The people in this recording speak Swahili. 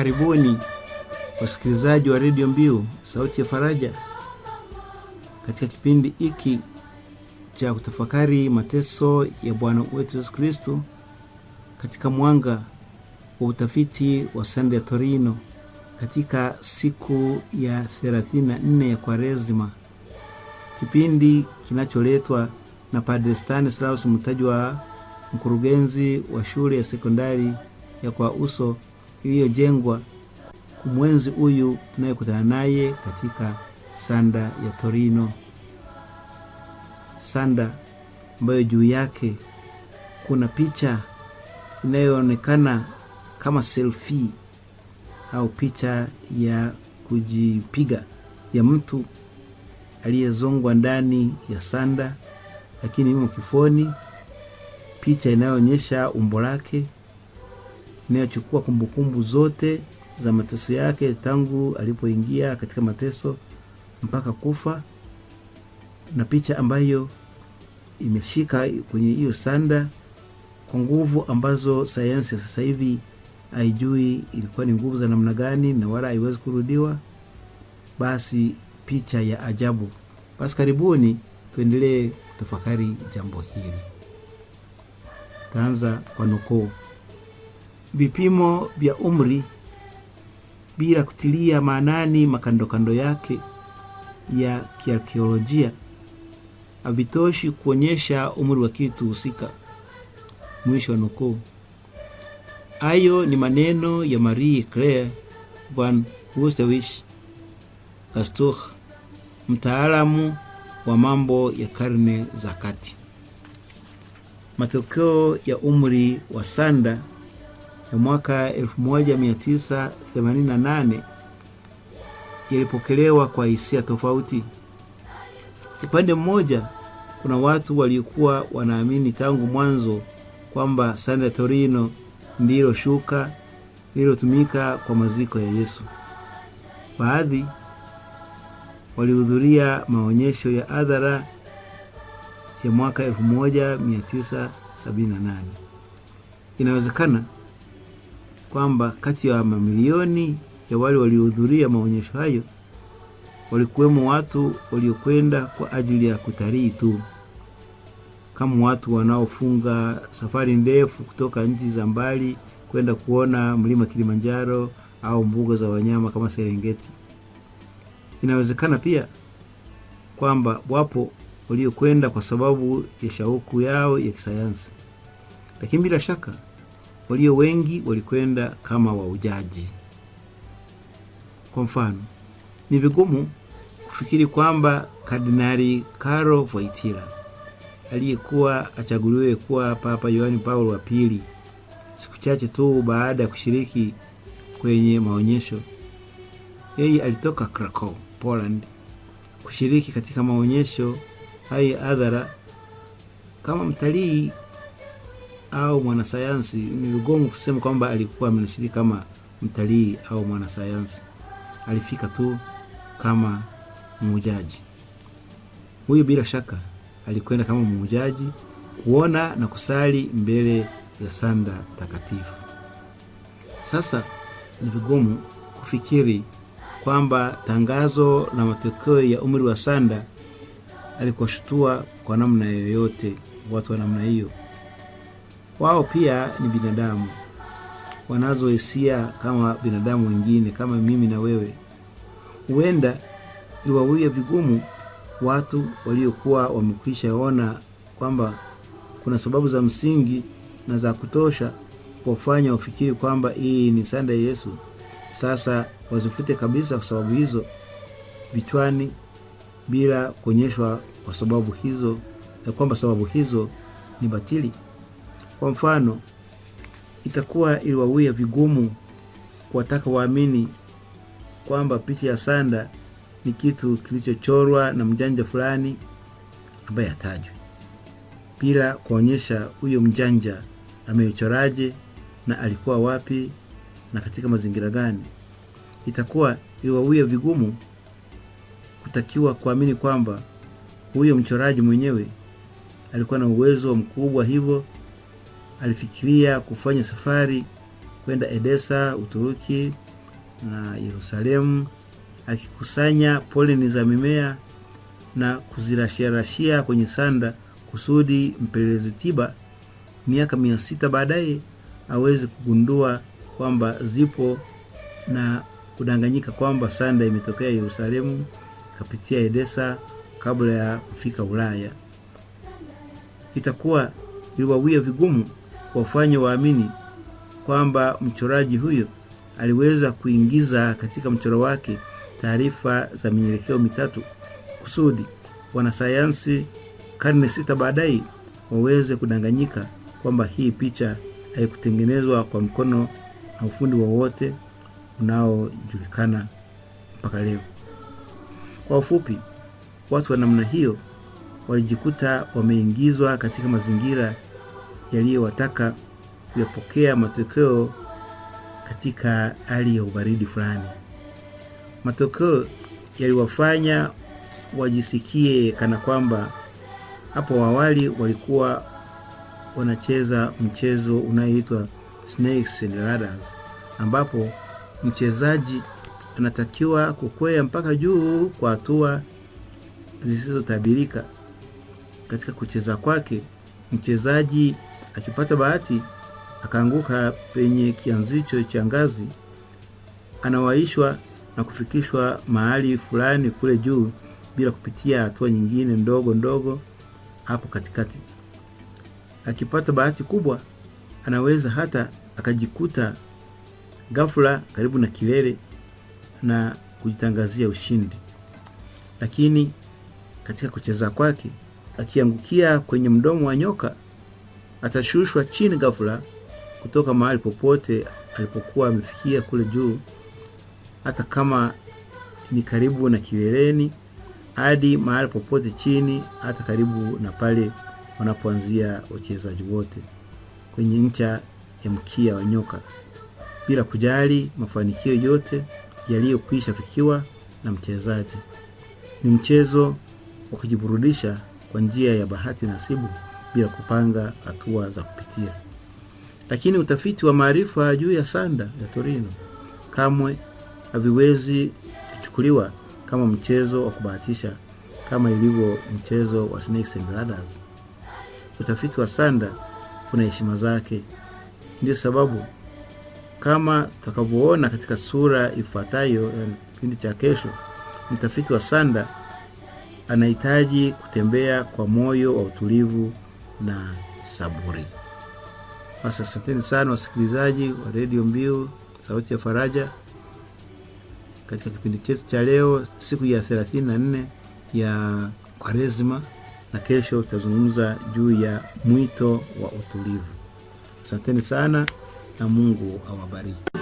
Karibuni wasikilizaji wa redio Mbiu sauti ya Faraja katika kipindi hiki cha kutafakari mateso ya Bwana wetu Yesu Kristo katika mwanga wa utafiti wa sande ya Torino katika siku ya 34 ya kwarezima kipindi kinacholetwa na Padre Stanislaus wa mkurugenzi wa shule ya sekondari ya Kwa Uso iliyojengwa kumwenzi huyu tunayekutana naye katika sanda ya Torino, sanda ambayo juu yake kuna picha inayoonekana kama selfie au picha ya kujipiga ya mtu aliyezongwa ndani ya sanda, lakini yumo kifoni, picha inayoonyesha umbo lake inayochukua kumbukumbu zote za mateso yake tangu alipoingia katika mateso mpaka kufa, na picha ambayo imeshika kwenye hiyo sanda kwa nguvu ambazo sayansi sasa hivi haijui ilikuwa ni nguvu za namna gani, na wala haiwezi kurudiwa. Basi picha ya ajabu. Basi karibuni tuendelee kutafakari jambo hili. Taanza kwa nukuu vipimo vya umri bila kutilia maanani makandokando yake ya kiarkeolojia havitoshi kuonyesha umri wa kitu husika. Mwisho wa nukuu. Hayo ni maneno ya Marie Claire van Husewich Gastuh, mtaalamu wa mambo ya karne za kati. Matokeo ya umri wa sanda ya mwaka 1988 yalipokelewa kwa hisia tofauti. Upande mmoja, kuna watu waliokuwa wanaamini tangu mwanzo kwamba sanda ya Torino ndilo shuka lililotumika kwa maziko ya Yesu. Baadhi walihudhuria maonyesho ya adhara ya mwaka 1978. Inawezekana kwamba kati ya mamilioni ya wale waliohudhuria maonyesho hayo walikuwemo watu waliokwenda kwa ajili ya kutalii tu, kama watu wanaofunga safari ndefu kutoka nchi za mbali kwenda kuona mlima Kilimanjaro au mbuga za wanyama kama Serengeti. Inawezekana pia kwamba wapo waliokwenda kwa sababu ya shauku yao ya kisayansi, lakini bila shaka walio wengi walikwenda kama waujaji. Kwa mfano, ni vigumu kufikiri kwamba Kardinali Karo voitila aliyekuwa achaguliwe kuwa Papa Yohani Paulo wa pili siku chache tu baada ya kushiriki kwenye maonyesho, yeye alitoka Krakow, Poland kushiriki katika maonyesho hai adhara kama mtalii au mwanasayansi, ni vigumu kusema kwamba alikuwa amenashiriki kama mtalii au mwanasayansi, alifika tu kama muujaji. Huyu bila shaka alikwenda kama muujaji kuona na kusali mbele ya sanda takatifu. Sasa ni vigumu kufikiri kwamba tangazo la matokeo ya umri wa sanda alikuwashutua kwa namna yoyote watu wa namna hiyo wao pia ni binadamu, wanazo hisia kama binadamu wengine, kama mimi na wewe. Huenda iwawie vigumu watu waliokuwa wamekwishaona kwamba kuna sababu za msingi na za kutosha kuwafanya wafikiri kwamba hii ni sanda ya Yesu, sasa wazifute kabisa kwa sababu hizo vichwani, bila kuonyeshwa kwa sababu hizo na kwamba sababu hizo ni batili. Kwa mfano, itakuwa iliwawia vigumu kuwataka waamini kwamba picha ya sanda ni kitu kilichochorwa na mjanja fulani ambaye hatajwi, bila kuonyesha huyo mjanja ameichoraje na alikuwa wapi na katika mazingira gani. Itakuwa iliwawia vigumu kutakiwa kuamini kwamba huyo mchoraji mwenyewe alikuwa na uwezo mkubwa hivyo alifikiria kufanya safari kwenda Edesa, Uturuki na Yerusalemu, akikusanya poleni za mimea na kuzirashiarashia kwenye sanda kusudi mpelelezi tiba miaka mia sita baadaye aweze kugundua kwamba zipo na kudanganyika kwamba sanda imetokea Yerusalemu kapitia Edesa kabla ya kufika Ulaya. Itakuwa iliwawia vigumu kuwafanya waamini kwamba mchoraji huyo aliweza kuingiza katika mchoro wake taarifa za mielekeo mitatu kusudi wanasayansi karne sita baadaye waweze kudanganyika kwamba hii picha haikutengenezwa kwa mkono na ufundi wowote unaojulikana mpaka leo. Kwa ufupi, watu wa namna hiyo walijikuta wameingizwa katika mazingira yaliyowataka kuyapokea matokeo katika hali ya ubaridi fulani. Matokeo yaliwafanya wajisikie kana kwamba hapo awali walikuwa wanacheza mchezo unaoitwa Snakes and Ladders, ambapo mchezaji anatakiwa kukwea mpaka juu kwa hatua zisizotabirika. Katika kucheza kwake mchezaji akipata bahati akaanguka penye kianzicho cha ngazi, anawaishwa na kufikishwa mahali fulani kule juu bila kupitia hatua nyingine ndogo ndogo hapo katikati. Akipata bahati kubwa, anaweza hata akajikuta ghafla karibu na kilele na kujitangazia ushindi. Lakini katika kucheza kwake, akiangukia kwenye mdomo wa nyoka atashushwa chini ghafla kutoka mahali popote alipokuwa amefikia kule juu, hata kama ni karibu na kileleni, hadi mahali popote chini, hata karibu na pale wanapoanzia wachezaji wote kwenye ncha ya mkia wa nyoka, bila kujali mafanikio yote yaliyokwisha fikiwa na mchezaji. Ni mchezo wa kujiburudisha kwa njia ya bahati nasibu bila kupanga hatua za kupitia. Lakini utafiti wa maarifa juu ya sanda ya Torino kamwe haviwezi kuchukuliwa kama mchezo wa kubahatisha kama ilivyo mchezo wa Snakes and Ladders. Utafiti wa sanda kuna heshima zake. Ndio sababu kama tutakavyoona katika sura ifuatayo ya kipindi cha kesho, mtafiti wa sanda anahitaji kutembea kwa moyo wa utulivu na saburi. Basi asanteni sana wasikilizaji wa redio Mbiu sauti ya Faraja katika kipindi chetu cha leo, siku ya 34 ya Kwaresima, na kesho tutazungumza juu ya mwito wa utulivu. Asanteni sana na Mungu awabariki.